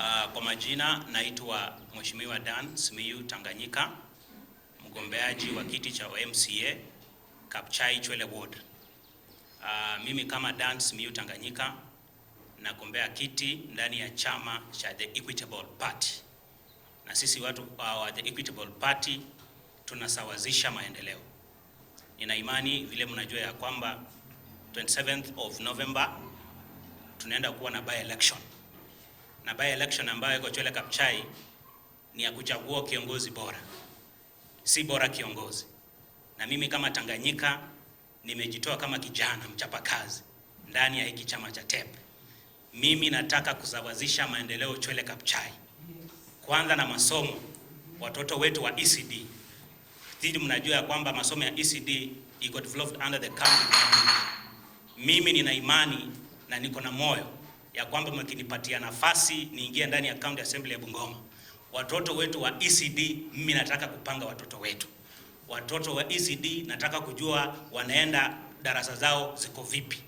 Uh, kwa majina naitwa Mheshimiwa Dan Simiyu Tanganyika, mgombeaji wa kiti cha MCA Kapchai Chwele Ward. Uh, mimi kama Dan Simiyu Tanganyika nagombea kiti ndani ya chama cha The Equitable Party, na sisi watu ah, wa The Equitable Party tunasawazisha maendeleo. Nina imani vile mnajua ya kwamba 27th of November tunaenda kuwa na by election na by election ambayo iko Chwele Kabuchai ni ya kuchagua kiongozi bora, si bora kiongozi. Na mimi kama Tanganyika nimejitoa kama kijana mchapakazi ndani ya hiki chama cha TEP. Mimi nataka kusawazisha maendeleo Chwele Kabuchai, kwanza na masomo watoto wetu wa ECD. Sisi mnajua ya kwamba masomo ya ECD iko developed under the county. Mimi nina imani na niko na moyo ya kwamba mkinipatia nafasi niingie ndani ya County Assembly ya Bungoma, watoto wetu wa ECD, mimi nataka kupanga watoto wetu, watoto wa ECD nataka kujua wanaenda darasa zao ziko vipi,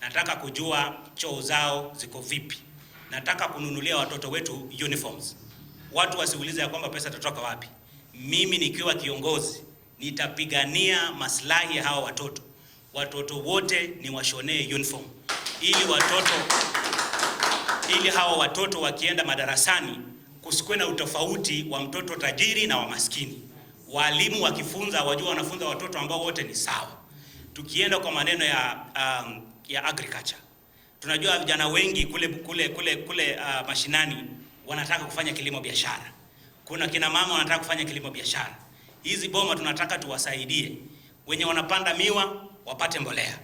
nataka kujua choo zao ziko vipi, nataka kununulia watoto wetu uniforms. Watu wasiulize ya kwamba pesa tatoka wapi. Mimi nikiwa kiongozi nitapigania maslahi ya hawa watoto. Watoto wote ni washonee uniform ili watoto ili hawa watoto wakienda madarasani kusikwe na utofauti wa mtoto tajiri na wa maskini. Walimu wakifunza wajua wanafunza watoto ambao wote ni sawa. Tukienda kwa maneno ya, um, ya agriculture tunajua vijana wengi kule, kule, kule, kule uh, mashinani wanataka kufanya kilimo biashara. Kuna kina mama wanataka kufanya kilimo biashara. Hizi boma tunataka tuwasaidie, wenye wanapanda miwa wapate mbolea,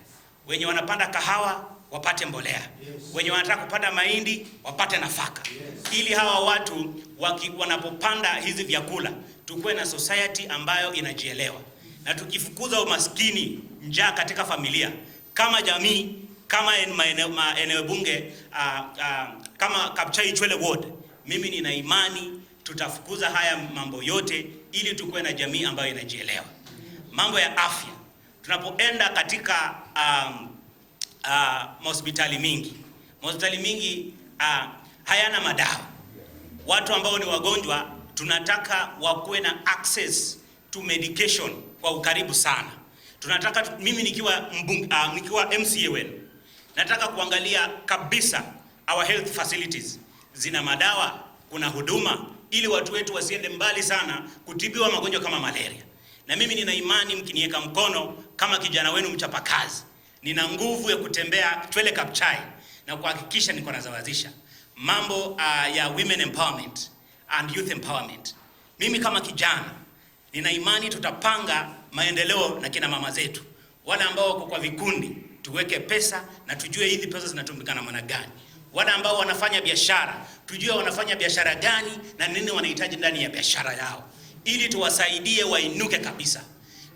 wenye wanapanda kahawa wapate mbolea yes. Wenye wanataka kupanda mahindi wapate nafaka yes. Ili hawa watu waki, wanapopanda hizi vyakula tukuwe na society ambayo inajielewa, na tukifukuza umaskini, njaa katika familia, kama jamii, kama maeneo bunge uh, uh, kama Kapchai Chwele Ward, mimi nina imani tutafukuza haya mambo yote, ili tukuwe na jamii ambayo inajielewa. Mambo ya afya tunapoenda katika um, uh, mahospitali mingi mahospitali mingi uh, hayana madawa. Watu ambao ni wagonjwa tunataka wakuwe na access to medication kwa ukaribu sana. Tunataka mimi nikiwa mbung, uh, nikiwa MCA wenu nataka kuangalia kabisa our health facilities zina madawa, kuna huduma ili watu wetu wasiende mbali sana kutibiwa magonjwa kama malaria. Na mimi nina imani mkiniweka mkono kama kijana wenu mchapakazi nina nguvu ya kutembea twele kapchai na kuhakikisha niko nazawazisha mambo uh, ya women empowerment and youth empowerment. Mimi kama kijana nina imani tutapanga maendeleo na kina mama zetu wale ambao wako kwa vikundi, tuweke pesa na tujue hizi pesa zinatumika namna gani. Wale ambao wanafanya biashara, tujue wanafanya biashara gani na nini wanahitaji ndani ya biashara yao, ili tuwasaidie wainuke kabisa.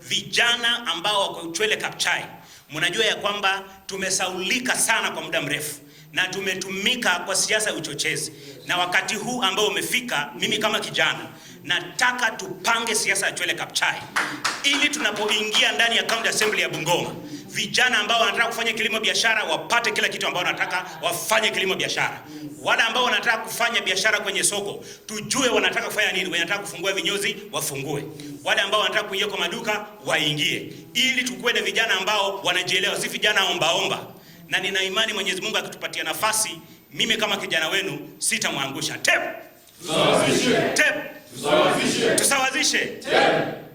Vijana ambao wako Chwele Kabuchai mnajua ya kwamba tumesaulika sana kwa muda mrefu na tumetumika kwa siasa ya uchochezi na wakati huu ambao umefika, mimi kama kijana nataka tupange siasa ya Chwele Kabuchai ili tunapoingia ndani ya county assembly ya Bungoma, vijana ambao wanataka kufanya kilimo biashara wapate kila kitu ambao wanataka wafanye kilimo biashara. Wale ambao wanataka kufanya biashara kwenye soko tujue wanataka kufanya nini. Wanataka kufungua vinyozi wafungue, wale ambao wanataka kuingia kwa maduka waingie, ili tukuwe na vijana ambao wanajielewa, si vijana ombaomba. Na nina imani Mwenyezi Mungu akitupatia nafasi mimi kama kijana wenu sitamwangusha. Tep, tusawazishe. Tep, tusawazishe. Tep.